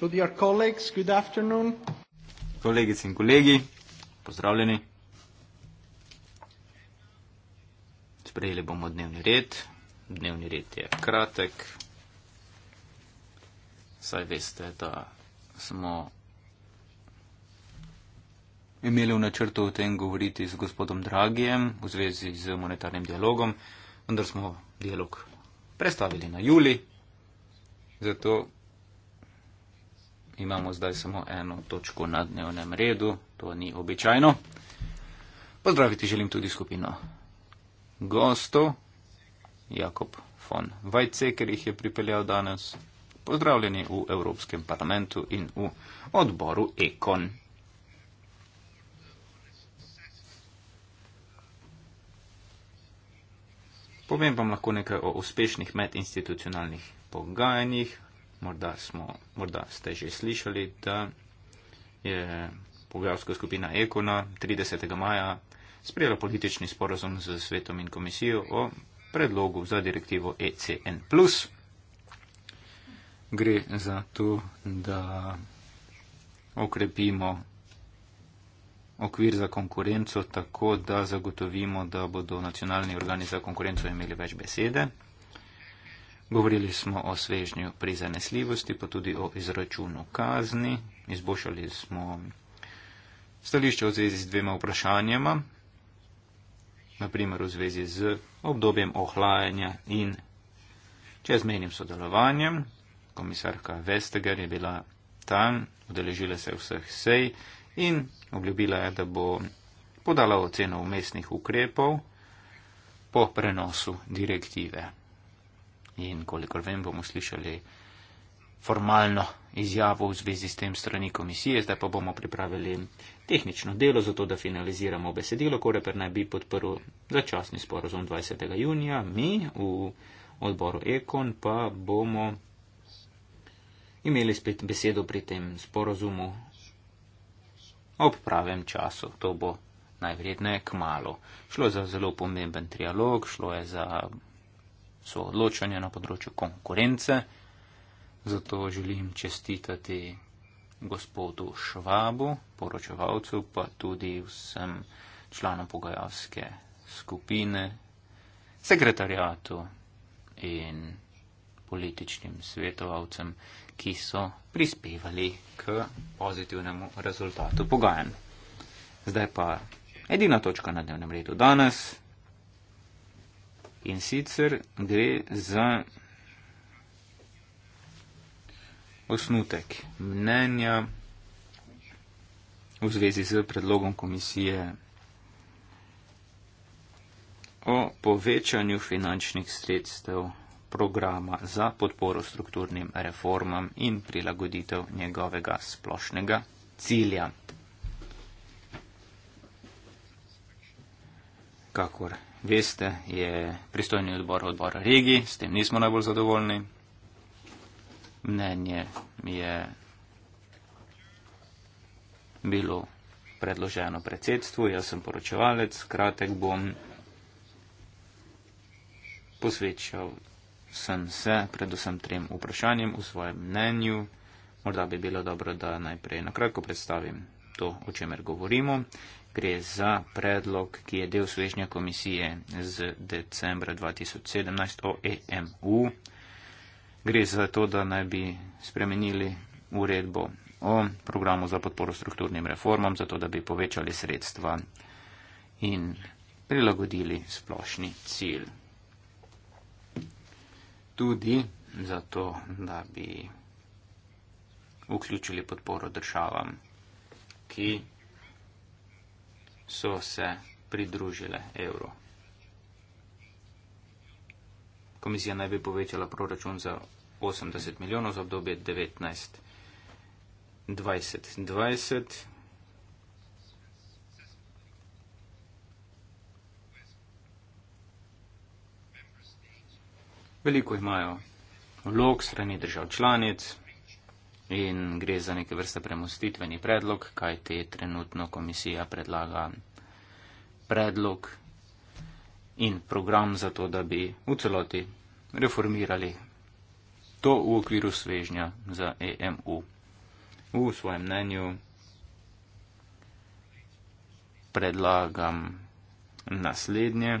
So dear colleagues, good afternoon. Kolegice in kolegi, pozdravljeni. Sprejeli bomo dnevni red. Dnevni red je kratek. Saj veste, da smo imeli v načrtu o tem govoriti z gospodom Dragijem v zvezi z monetarnim dialogom, vendar smo dialog prestavili na juli. Zato imamo zdaj samo eno točko na dnevnem redu, to ni običajno. Pozdraviti želim tudi skupino gostov, Jakob von Weizsäcker, ker jih je pripeljal danes. Pozdravljeni v Evropskem parlamentu in v odboru Ekon. Povem vam lahko nekaj o uspešnih medinstitucionalnih pogajanjih, morda, smo, morda ste že slišali, da je pogajalska skupina Ekona 30. maja sprejela politični sporozum z svetom in komisijo o predlogu za direktivo ECN. Gre za to, da okrepimo okvir za konkurenco tako, da zagotovimo, da bodo nacionalni organi za konkurenco imeli več besede. Govorili smo o svežnju pri zanesljivosti, pa tudi o izračunu kazni. Izboljšali smo stališče v zvezi z dvema vprašanjama, naprimer v zvezi z obdobjem ohlajanja in čezmenim sodelovanjem. Komisarka Vesteger je bila tam, odeležila se vseh sej in obljubila je, da bo podala oceno umestnih ukrepov po prenosu direktive in kolikor vem, bomo slišali formalno izjavo v zvezi s tem strani komisije, zdaj pa bomo pripravili tehnično delo, zato da finaliziramo besedilo, koreper naj bi podprl začasni sporozum 20. junija. Mi v odboru Ekon pa bomo imeli spet besedo pri tem sporozumu ob pravem času. To bo najvredne k malu. Šlo je za zelo pomemben trialog, šlo je za soodločanje na področju konkurence. Zato želim čestitati gospodu Švabu, poročevalcu, pa tudi vsem članom pogajalske skupine, sekretarijatu in političnim svetovalcem, ki so prispevali k pozitivnemu rezultatu pogajanj. Zdaj pa edina točka na dnevnem redu danes. In sicer gre za osnutek mnenja v zvezi z predlogom komisije o povečanju finančnih sredstev programa za podporo strukturnim reformam in prilagoditev njegovega splošnega cilja. Kakor veste, je pristojni odbor odbora regij, s tem nismo najbolj zadovoljni. Mnenje je bilo predloženo predsedstvu, jaz sem poročevalec, kratek bom posvečal sem se predvsem trem vprašanjem v svojem mnenju. Morda bi bilo dobro, da najprej nakratko predstavim to, o čemer govorimo gre za predlog, ki je del svežnja komisije z decembra 2017 o EMU. Gre za to, da naj bi spremenili uredbo o programu za podporo strukturnim reformam, zato da bi povečali sredstva in prilagodili splošni cilj. Tudi zato, da bi vključili podporo državam, ki so se pridružile evro. Komisija naj bi povečala proračun za 80 milijonov za obdobje 19-20. Veliko imajo vlog strani držav članic in gre za neke vrste premustitveni predlog, kaj te trenutno komisija predlaga predlog in program za to, da bi v celoti reformirali to v okviru svežnja za EMU. V svojem mnenju predlagam naslednje.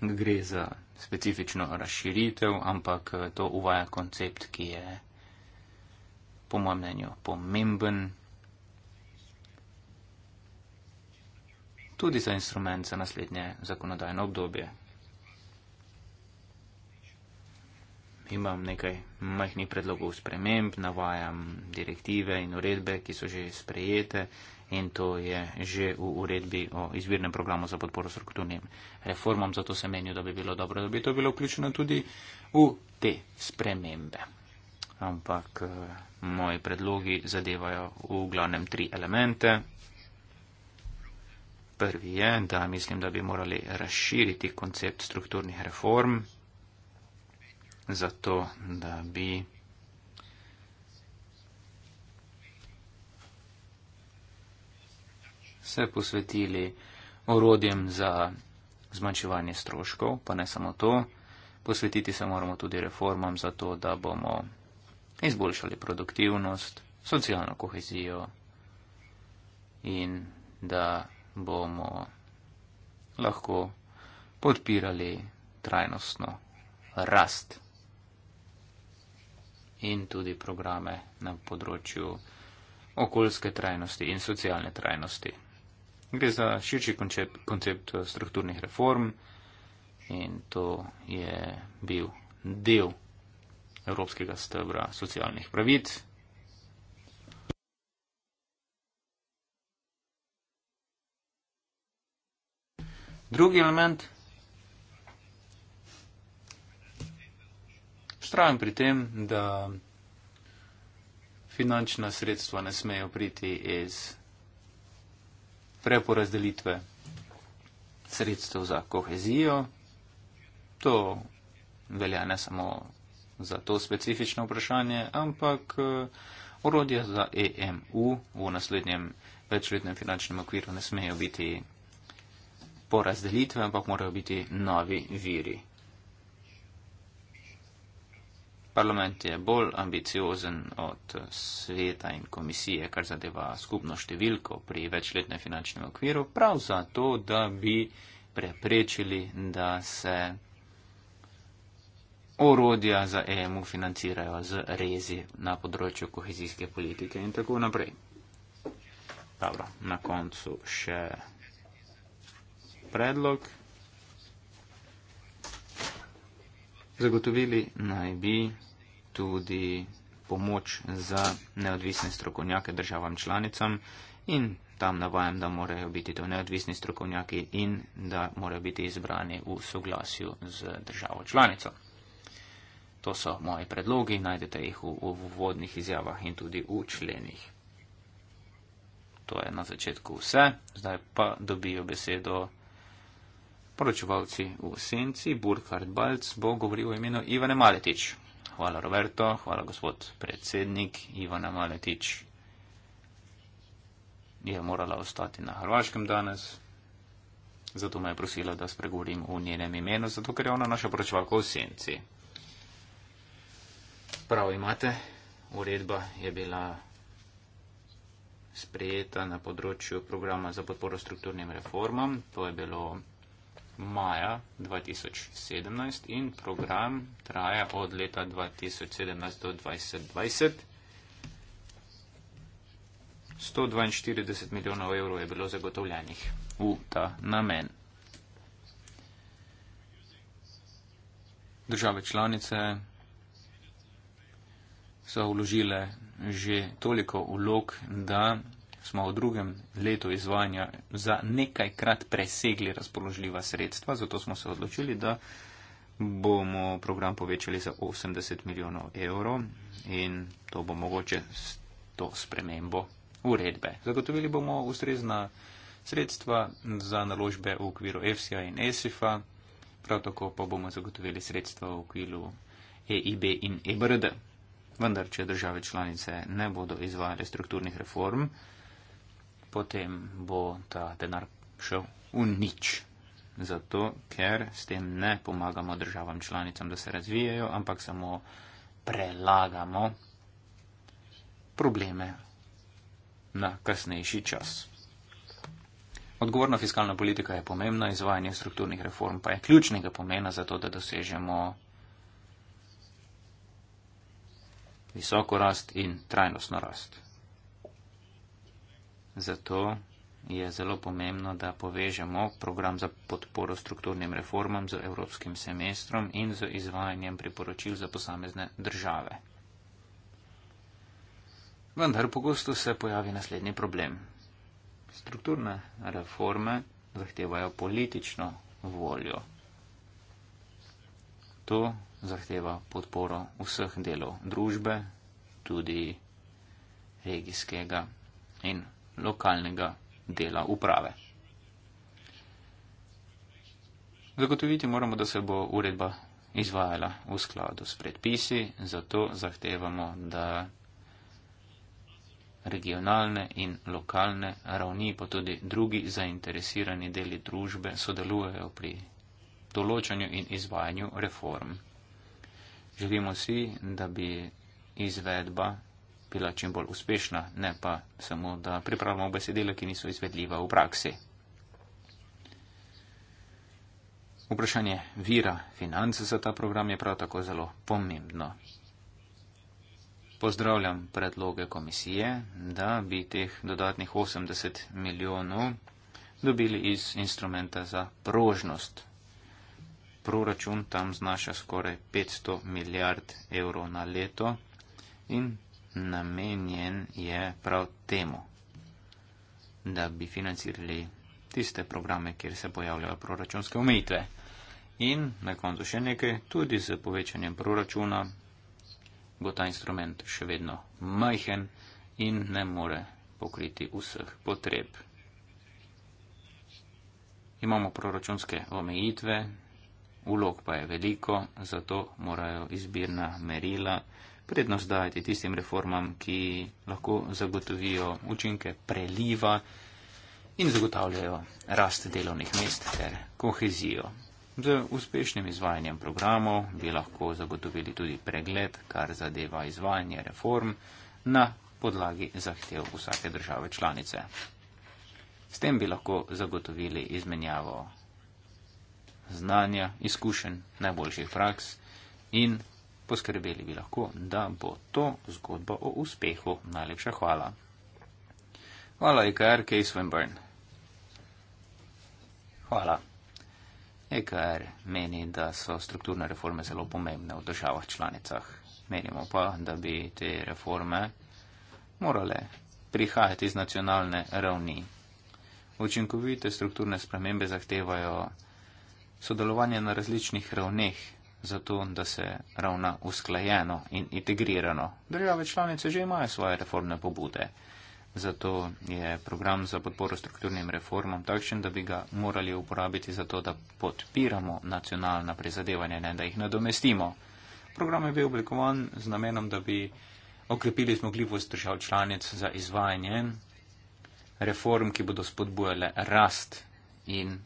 Gre za specifično razširitev, ampak to uvaja koncept, ki je po mojem mnenju pomemben tudi za instrument za naslednje zakonodajno obdobje. Imam nekaj majhnih predlogov sprememb, navajam direktive in uredbe, ki so že sprejete in to je že v uredbi o izvirnem programu za podporo strukturnim reformam, zato se menijo, da bi bilo dobro, da bi to bilo vključeno tudi v te spremembe ampak eh, moji predlogi zadevajo v glavnem tri elemente. Prvi je, da mislim, da bi morali razširiti koncept strukturnih reform, zato da bi se posvetili orodjem za zmanjševanje stroškov, pa ne samo to, posvetiti se moramo tudi reformam, zato da bomo izboljšali produktivnost, socialno kohezijo in da bomo lahko podpirali trajnostno rast in tudi programe na področju okoljske trajnosti in socialne trajnosti. Gre za širši koncept, koncept eh, strukturnih reform in to je bil del evropskega stebra socialnih pravic. Drugi element. Vztrajam pri tem, da finančna sredstva ne smejo priti iz preporazdelitve sredstev za kohezijo. To velja ne samo za to specifično vprašanje, ampak eh, orodja za EMU v naslednjem večletnem finančnem okviru ne smejo biti porazdelitve, ampak morajo biti novi viri. Parlament je bolj ambiciozen od eh, sveta in komisije, kar zadeva skupno številko pri večletnem finančnem okviru, prav zato, da bi preprečili, da se orodja za EMU financirajo z rezi na področju kohezijske politike in tako naprej. Dobro, na koncu še predlog. Zagotovili naj bi tudi pomoč za neodvisne strokovnjake državam članicam in tam navajam, da morajo biti to neodvisni strokovnjaki in da morajo biti izbrani v soglasju z državo članico. To so moji predlogi, najdete jih v uvodnih izjavah in tudi v členih. To je na začetku vse, zdaj pa dobijo besedo poročevalci v senci. Burkhard Balc bo govoril v imenu Ivane Maletič. Hvala Roberto, hvala gospod predsednik Ivana Maletič. Je morala ostati na Hrvaškem danes, zato me je prosila, da spregovorim v njenem imenu, zato ker je ona naša poročevalka v senci prav imate, uredba je bila sprejeta na področju programa za podporo strukturnim reformam, to je bilo maja 2017 in program traja od leta 2017 do 2020. 142 milijonov evrov je bilo zagotovljenih v ta namen. Države članice so vložile že toliko vlog, da smo v drugem letu izvajanja za nekajkrat presegli razpoložljiva sredstva, zato smo se odločili, da bomo program povečali za 80 milijonov evrov in to bo mogoče s to spremembo uredbe. Zagotovili bomo ustrezna sredstva za naložbe v okviru EFSA in ESIFA, prav tako pa bomo zagotovili sredstva v okviru EIB in EBRD. Vendar, če države članice ne bodo izvajale strukturnih reform, potem bo ta denar šel v nič. Zato, ker s tem ne pomagamo državam članicam, da se razvijajo, ampak samo prelagamo probleme na kasnejši čas. Odgovorna fiskalna politika je pomembna, izvajanje strukturnih reform pa je ključnega pomena za to, da dosežemo visoko rast in trajnostno rast. Zato je zelo pomembno, da povežemo program za podporo strukturnim reformam z evropskim semestrom in z izvajanjem priporočil za posamezne države. Vendar pogosto se pojavi naslednji problem. Strukturne reforme zahtevajo politično voljo. To zahteva podporo vseh delov družbe, tudi regijskega in lokalnega dela uprave. Zagotoviti moramo, da se bo uredba izvajala v skladu s predpisi, zato zahtevamo, da regionalne in lokalne ravni, pa tudi drugi zainteresirani deli družbe sodelujejo pri določanju in izvajanju reform. Želimo si, da bi izvedba bila čim bolj uspešna, ne pa samo, da pripravljamo besedila, ki niso izvedljiva v praksi. Vprašanje vira finance za ta program je prav tako zelo pomembno. Pozdravljam predloge komisije, da bi teh dodatnih 80 milijonov dobili iz instrumenta za prožnost, proračun tam znaša skoraj 500 milijard evrov na leto in namenjen je prav temu, da bi financirali tiste programe, kjer se pojavljajo proračunske omejitve. In na koncu še nekaj, tudi z povečanjem proračuna bo ta instrument še vedno majhen in ne more pokriti vseh potreb. Imamo proračunske omejitve, Ulog pa je veliko, zato morajo izbirna merila prednost dajati tistim reformam, ki lahko zagotovijo učinke preliva in zagotavljajo rast delovnih mest ter kohezijo. Z uspešnim izvajanjem programov bi lahko zagotovili tudi pregled, kar zadeva izvajanje reform na podlagi zahtev vsake države članice. S tem bi lahko zagotovili izmenjavo znanja, izkušenj, najboljših praks in poskrbeli bi lahko, da bo to zgodba o uspehu. Najlepša hvala. Hvala, EKR, K. Swinburne. Hvala. EKR meni, da so strukturne reforme zelo pomembne v državah članicah. Menimo pa, da bi te reforme morale prihajati z nacionalne ravni. Učinkovite strukturne spremembe zahtevajo sodelovanje na različnih ravneh, zato da se ravna usklajeno in integrirano. Države članice že imajo svoje reformne pobude. Zato je program za podporo strukturnim reformam takšen, da bi ga morali uporabiti za to, da podpiramo nacionalna prizadevanja, ne da jih nadomestimo. Program je bil oblikovan z namenom, da bi okrepili zmogljivost držav članic za izvajanje reform, ki bodo spodbujale rast in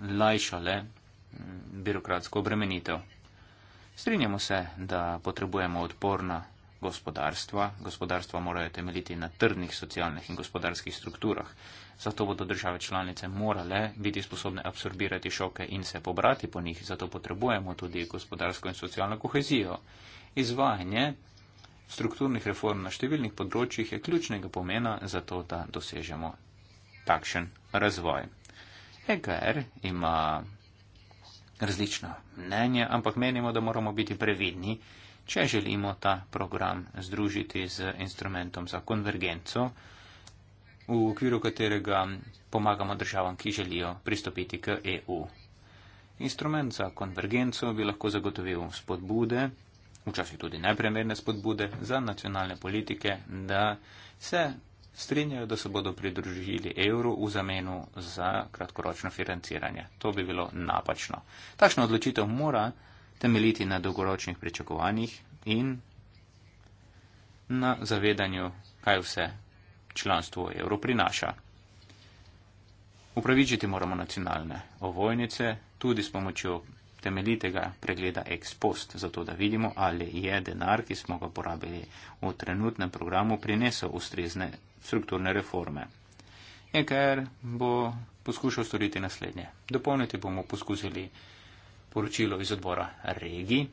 lajšale mm, birokratsko obremenitev. Strinjamo se, da potrebujemo odporna gospodarstva. Gospodarstva morajo temeljiti na trdnih socialnih in gospodarskih strukturah. Zato bodo države članice morale biti sposobne absorbirati šoke in se pobrati po njih. Zato potrebujemo tudi gospodarsko in socialno kohezijo. Izvajanje strukturnih reform na številnih področjih je ključnega pomena za to, da dosežemo takšen razvoj. Eger ima različna mnenja, ampak menimo, da moramo biti previdni, če želimo ta program združiti z instrumentom za konvergenco, v okviru katerega pomagamo državam, ki želijo pristopiti k EU. Instrument za konvergenco bi lahko zagotovil spodbude, včasih tudi nepremerne spodbude za nacionalne politike, da se strinjajo, da se bodo pridružili evru v zameno za kratkoročno financiranje. To bi bilo napačno. Takšna odločitev mora temeljiti na dolgoročnih pričakovanjih in na zavedanju, kaj vse članstvo v evru prinaša. Upravičiti moramo nacionalne ovojnice tudi s pomočjo temeljitega pregleda ex post, zato da vidimo, ali je denar, ki smo ga porabili v trenutnem programu, prinesel ustrezne strukturne reforme. EKR bo poskušal storiti naslednje. Dopolniti bomo poskusili poročilo iz odbora regi,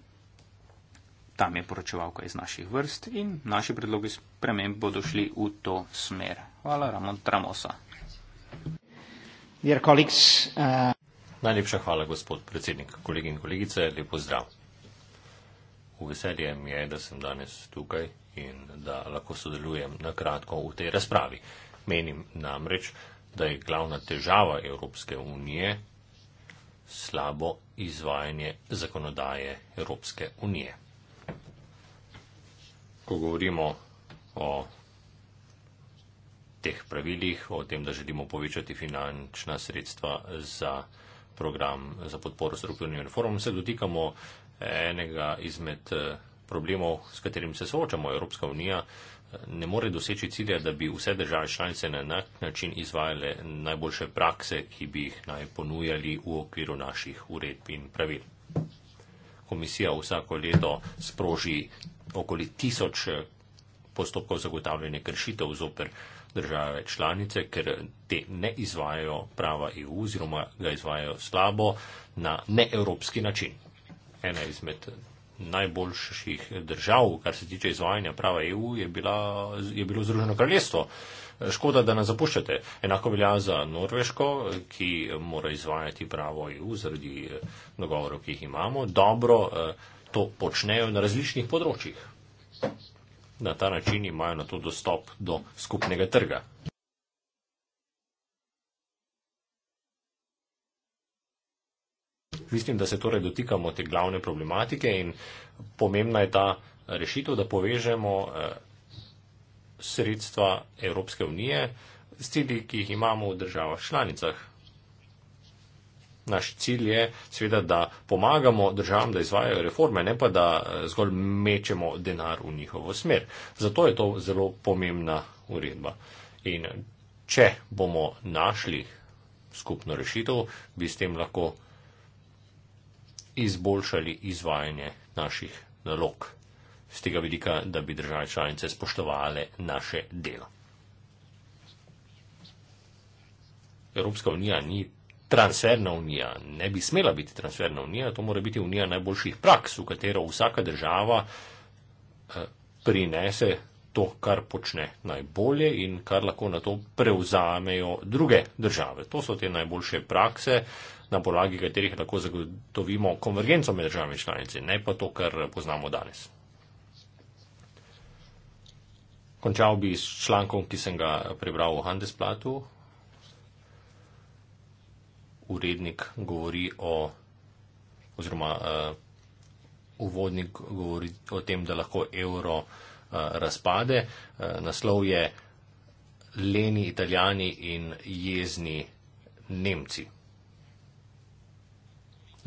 tam je poročevalka iz naših vrst in naši predlogi sprememb bodo šli v to smer. Hvala, Ramon Tramosa. Colleagues, uh... Najlepša hvala, gospod predsednik, kolegi in kolegice, lepo zdrav. V veselje mi je, da sem danes tukaj in da lahko sodelujem na kratko v tej razpravi. Menim namreč, da je glavna težava Evropske unije slabo izvajanje zakonodaje Evropske unije. Ko govorimo o teh pravilih, o tem, da želimo povečati finančna sredstva za program za podporo strukturnim reformom, se dotikamo enega izmed eh, problemov, s katerim se soočamo. Evropska unija eh, ne more doseči cilja, da bi vse države članice na enak način izvajale najboljše prakse, ki bi jih naj ponujali v okviru naših uredb in pravil. Komisija vsako leto sproži okoli tisoč eh, postopkov zagotavljanja kršitev zoper države članice, ker te ne izvajajo prava EU oziroma ga izvajajo slabo na neevropski način. Ena izmed najboljših držav, kar se tiče izvajanja prava EU, je, bila, je bilo Združeno kraljestvo. Škoda, da nas zapuščate. Enako velja za Norveško, ki mora izvajati pravo EU zaradi eh, dogovorov, ki jih imamo. Dobro eh, to počnejo na različnih področjih. Na ta način imajo na to dostop do skupnega trga. mislim, da se torej dotikamo te glavne problematike in pomembna je ta rešitev, da povežemo eh, sredstva Evropske unije s cilji, ki jih imamo v državah članicah. Naš cilj je seveda, da pomagamo državam, da izvajajo reforme, ne pa da eh, zgolj mečemo denar v njihovo smer. Zato je to zelo pomembna uredba. In če bomo našli skupno rešitev, bi s tem lahko izboljšali izvajanje naših nalog, z tega vidika, da bi države članice spoštovali naše delo. Evropska unija ni transferna unija, ne bi smela biti transferna unija, to mora biti unija najboljših praks, v katero vsaka država eh, prinese to, kar počne najbolje in kar lahko na to prevzamejo druge države. To so te najboljše prakse, na podlagi katerih lahko zagotovimo konvergenco med državami članici, ne pa to, kar poznamo danes. Končal bi s člankom, ki sem ga prebral v Handelsplatu. Urednik govori o, oziroma uh, uvodnik govori o tem, da lahko evro uh, razpade. Uh, naslov je Leni italijani in jezni Nemci.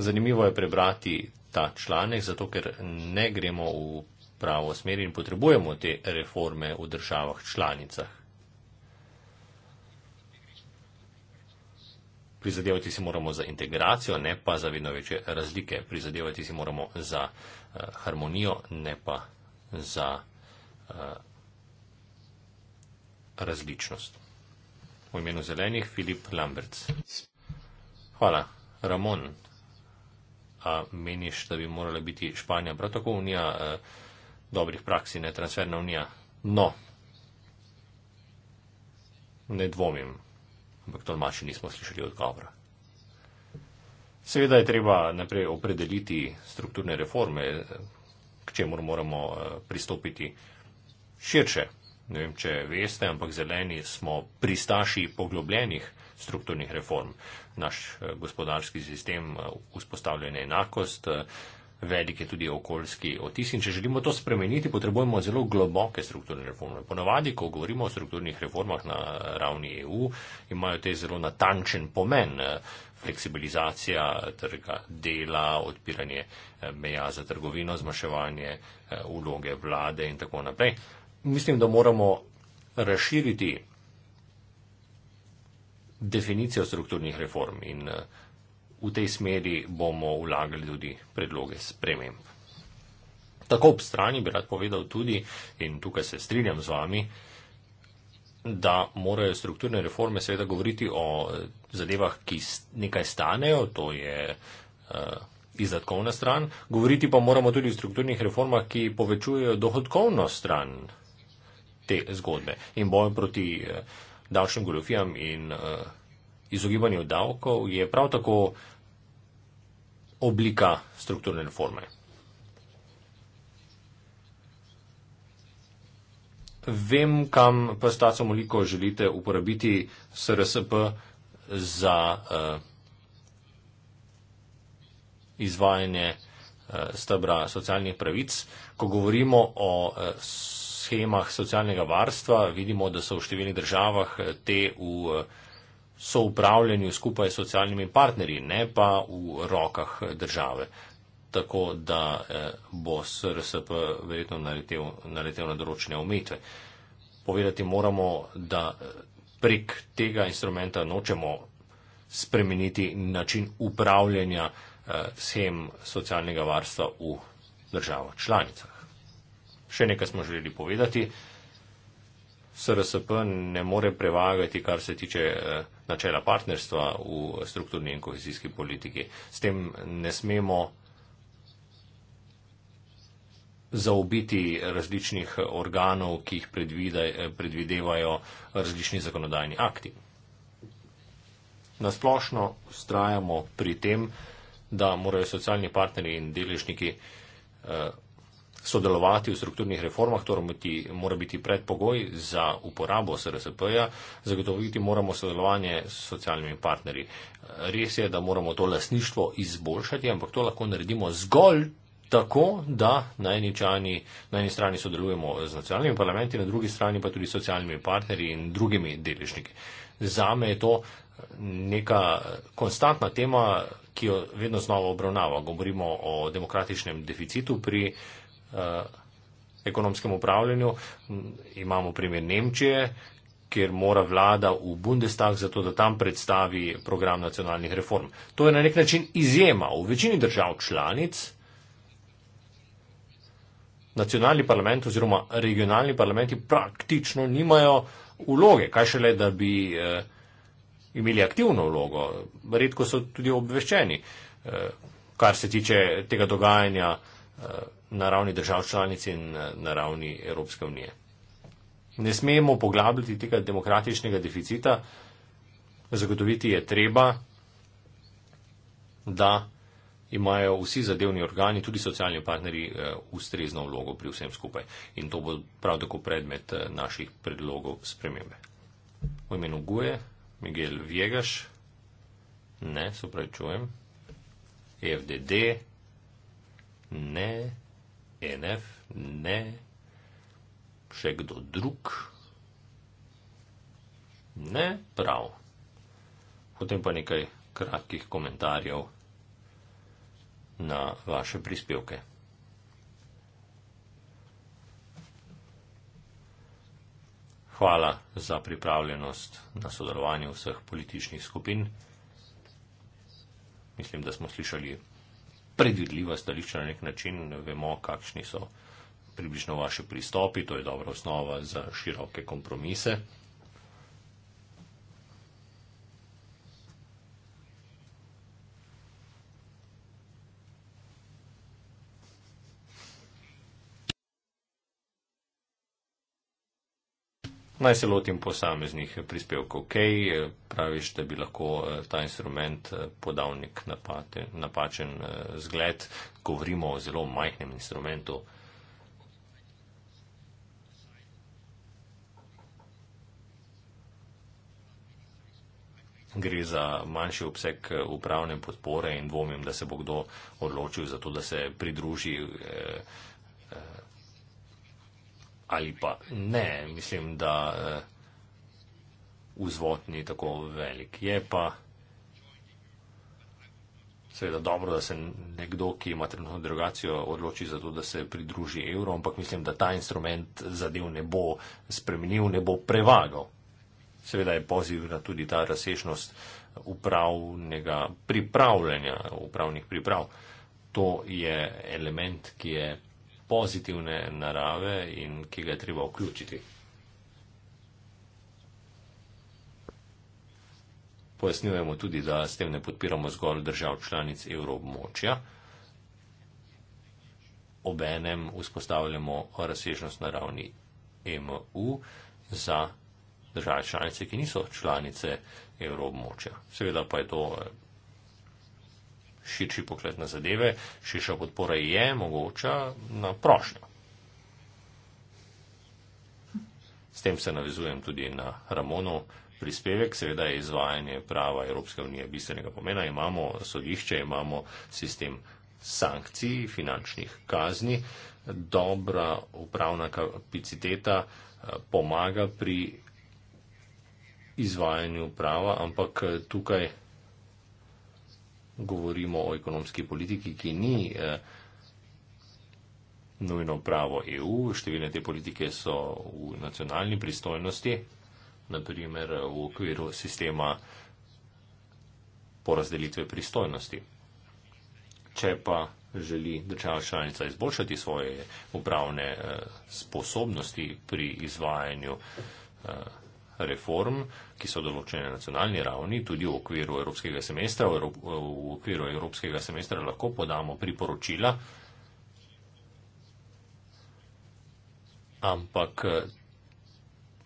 Zanimivo je prebrati ta članek, zato ker ne gremo v pravo smer in potrebujemo te reforme v državah članicah. Prizadevati si moramo za integracijo, ne pa za vedno večje razlike. Prizadevati si moramo za uh, harmonijo, ne pa za uh, različnost. V imenu zelenih Filip Lamberts. Hvala. Ramon, a meniš, da bi morala biti Španija prav tako unija eh, dobrih praksi, ne transferna unija? No, ne dvomim, ampak to domači nismo slišali odgovora. Seveda je treba najprej opredeliti strukturne reforme, eh, k čemu moramo eh, pristopiti širše. Ne vem, če veste, ampak zeleni smo pristaši poglobljenih strukturnih reform. Naš eh, gospodarski sistem eh, vzpostavlja neenakost, eh, velike tudi okoljski otis in če želimo to spremeniti, potrebujemo zelo globoke strukturne reforme. Ponovadi, ko govorimo o strukturnih reformah na ravni EU, imajo te zelo natančen pomen. Fleksibilizacija trga dela, odpiranje meja za trgovino, zmaševanje vloge vlade in tako naprej. Mislim, da moramo razširiti definicijo strukturnih reform in eh, v tej smeri bomo vlagali tudi predloge sprememb. Tako ob strani bi rad povedal tudi, in tukaj se strinjam z vami, da morajo strukturne reforme seveda govoriti o eh, zadevah, ki nekaj stanejo, to je uh, izdatkovna stran, govoriti pa moramo tudi o strukturnih reformah, ki povečujejo dohodkovno stran te zgodbe in bojo proti uh, davčnim goljofijam in uh, izogibanju davkov je prav tako oblika strukturne reforme. Vem, kam pa staco moliko želite uporabiti SRSP za uh, izvajanje uh, stebra socialnih pravic. Ko govorimo o uh, shemah socialnega varstva. Vidimo, da so v številnih državah eh, te v eh, soupravljanju skupaj s socialnimi partnerji, ne pa v rokah države. Tako da eh, bo SRSP verjetno naletel, naletel na določene omejitve. Povedati moramo, da prek tega instrumenta nočemo spremeniti način upravljanja shem socialnega varstva v državah članicah. Še nekaj smo želeli povedati. SRSP ne more prevagati, kar se tiče eh, načela partnerstva v strukturni in kohezijski politiki. S tem ne smemo zaobiti različnih organov, ki jih eh, predvidevajo različni zakonodajni akti. Nasplošno strajamo pri tem, da morajo socialni partneri in deležniki eh, sodelovati v strukturnih reformah, torej biti, mora biti predpogoj za uporabo SRSP-ja, zagotoviti moramo sodelovanje s socialnimi partnerji. Res je, da moramo to lasništvo izboljšati, ampak to lahko naredimo zgolj tako, da na eni, čani, na eni strani sodelujemo z nacionalnimi parlamenti, na drugi strani pa tudi s socialnimi partnerji in drugimi deležniki. Zame je to neka konstantna tema, ki jo vedno znova obravnava. Govorimo o demokratičnem deficitu pri Eh, ekonomskem upravljanju. Imamo primer Nemčije, kjer mora vlada v Bundestag za to, da tam predstavi program nacionalnih reform. To je na nek način izjema. V večini držav članic nacionalni parlament oziroma regionalni parlamenti praktično nimajo vloge. Kaj šele, da bi eh, imeli aktivno vlogo. Redko so tudi obveščeni, eh, kar se tiče tega dogajanja na ravni držav članic in eh, na ravni Evropske unije. Ne smemo poglabljati tega demokratičnega deficita, zagotoviti je treba, da imajo vsi zadevni organi, tudi socialni partneri, eh, ustrezno vlogo pri vsem skupaj. In to bo prav tako predmet eh, naših predlogov spremembe. V imenu Guje, Miguel Viegaš, ne, se pravi, čujem, e FDD, ne. NF, ne, še kdo drug, ne, prav. Potem pa nekaj kratkih komentarjev na vaše prispevke. Hvala za pripravljenost na sodelovanje vseh političnih skupin. Mislim, da smo slišali predvidljiva stališča na nek način, ne vemo, kakšni so približno vaši pristopi, to je dobra osnova za široke kompromise. Naj se lotim posameznih prispevkov. Ok, eh, praviš, da bi lahko eh, ta instrument eh, podal nek napate, napačen zgled. Govorimo o zelo majhnem instrumentu. Gre za manjši obseg upravne podpore in dvomim, da se bo kdo odločil za to, da se pridruži. Eh, eh, ali pa ne, mislim, da eh, vzvod ni tako velik. Je pa seveda dobro, da se nekdo, ki ima trenutno derogacijo, odloči za to, da se pridruži evro, ampak mislim, da ta instrument zadev ne bo spremenil, ne bo prevagal. Seveda je pozitivna tudi ta razsešnost upravnega pripravljanja, upravnih priprav. To je element, ki je pozitivne narave in ki ga je treba vključiti. Pojasnjujemo tudi, da s tem ne podpiramo zgolj držav članic evroobmočja. Obenem vzpostavljamo razsežnost na ravni MU za države članice, ki niso članice evroobmočja. Seveda pa je to širši pogled na zadeve, širša podpora je mogoča na prošnjo. S tem se navezujem tudi na Ramonov prispevek. Seveda je izvajanje prava Evropske unije bistvenega pomena. Imamo sodišče, imamo sistem sankcij, finančnih kazni. Dobra upravna kapaciteta eh, pomaga pri izvajanju prava, ampak eh, tukaj govorimo o ekonomski politiki, ki ni eh, nujno pravo EU. Številne te politike so v nacionalni pristojnosti, naprimer eh, v okviru sistema porazdelitve pristojnosti. Če pa želi država članica izboljšati svoje upravne eh, sposobnosti pri izvajanju reform, ki so določene na nacionalni ravni, tudi v okviru evropskega semestra. V okviru evropskega semestra lahko podamo priporočila, ampak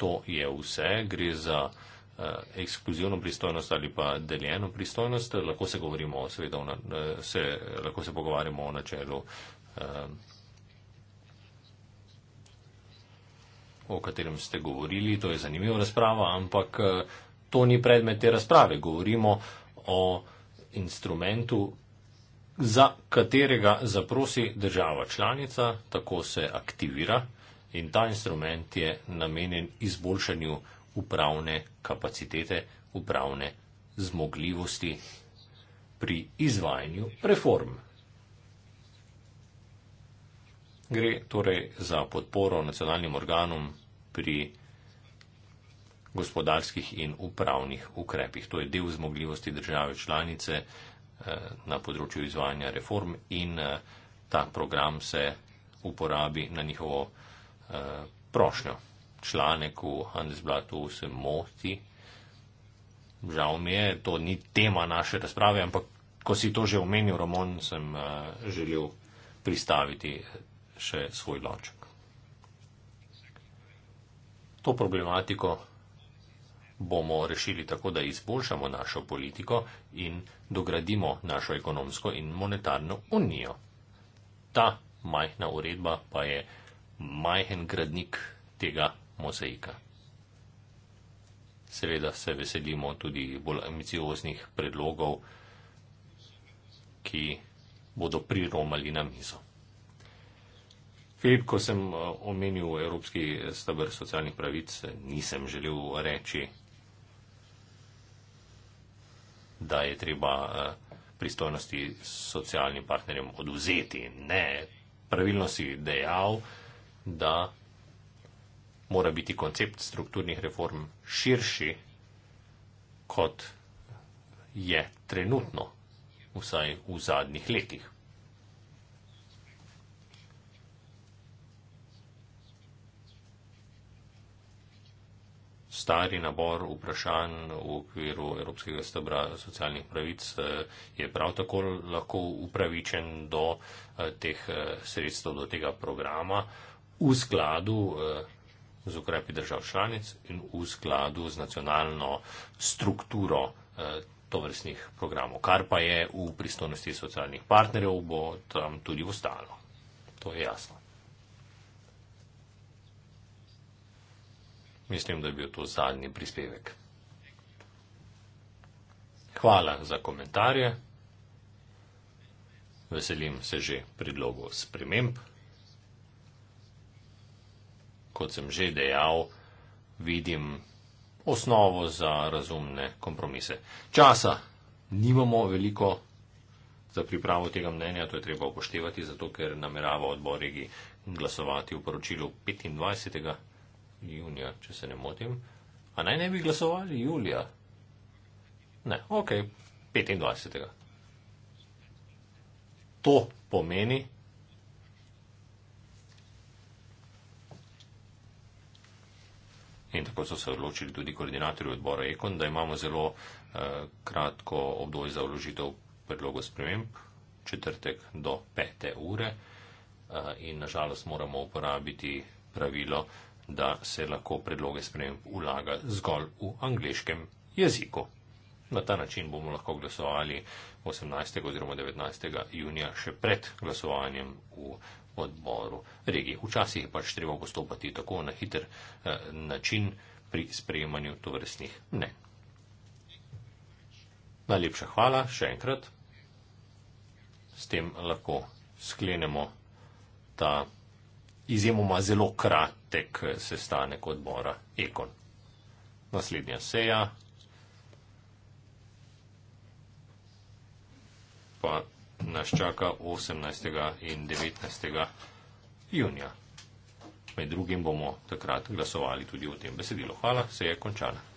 to je vse. Gre za eh, ekskluzivno pristojnost ali pa deljeno pristojnost. Lahko se, o, seveda, o, eh, se, lahko se pogovarjamo o načelu. Eh, o katerem ste govorili, to je zanimiva razprava, ampak eh, to ni predmet te razprave. Govorimo o instrumentu, za katerega zaprosi država članica, tako se aktivira in ta instrument je namenjen izboljšanju upravne kapacitete, upravne zmogljivosti pri izvajanju reform. Gre torej za podporo nacionalnim organom pri gospodarskih in upravnih ukrepih. To je del zmogljivosti države članice eh, na področju izvajanja reform in eh, ta program se uporabi na njihovo eh, prošnjo. Članek v Handelsblatu se moti. Žal mi je, to ni tema naše razprave, ampak ko si to že omenil, Ramon, sem želel pristaviti še svoj loč. To problematiko bomo rešili tako, da izboljšamo našo politiko in dogradimo našo ekonomsko in monetarno unijo. Ta majhna uredba pa je majhen gradnik tega mozaika. Seveda se veselimo tudi bolj ambicioznih predlogov, ki bodo priromali na mizo. Filip, ko sem eh, omenil Evropski stabr socialnih pravic, nisem želel reči, da je treba eh, pristojnosti socialnim partnerjem oduzeti. Ne, pravilno si dejal, da mora biti koncept strukturnih reform širši, kot je trenutno, vsaj v zadnjih letih. stari nabor vprašanj v okviru Evropskega stebra socialnih pravic eh, je prav tako lahko upravičen do eh, teh eh, sredstev, do tega programa v skladu z ukrepi držav članic in v skladu z nacionalno strukturo tovrstnih programov, kar pa je v pristojnosti socialnih partnerjev, bo tam tudi ostalo. To je jasno. Mislim, da je bil to zadnji prispevek. Hvala za komentarje. Veselim se že predlogov sprememb. Kot sem že dejal, vidim osnovo za razumne kompromise. Časa nimamo veliko za pripravo tega mnenja, to je treba upoštevati, zato ker namerava odbor regi glasovati v poročilu 25 junija, če se ne motim. A naj ne bi glasovali julija? Ne, ok, 25. To pomeni, in tako so se odločili tudi koordinatorji odbora Ekon, da imamo zelo eh, kratko obdobje za vložitev predlogo sprememb, četrtek do pete ure eh, in nažalost moramo uporabiti pravilo, da se lahko predloge sprememb vlaga zgolj v angliškem jeziku. Na ta način bomo lahko glasovali 18. oziroma 19. junija še pred glasovanjem v odboru regije. Včasih je pač treba postopati tako na hiter eh, način pri sprejemanju tovrstnih mnen. Najlepša hvala še enkrat. S tem lahko sklenemo ta izjemoma zelo krat petek eh, sestanek odbora Ekon. Naslednja seja. Pa nas čaka 18. in 19. junija. Med drugim bomo takrat glasovali tudi o tem besedilu. Hvala, se je končala.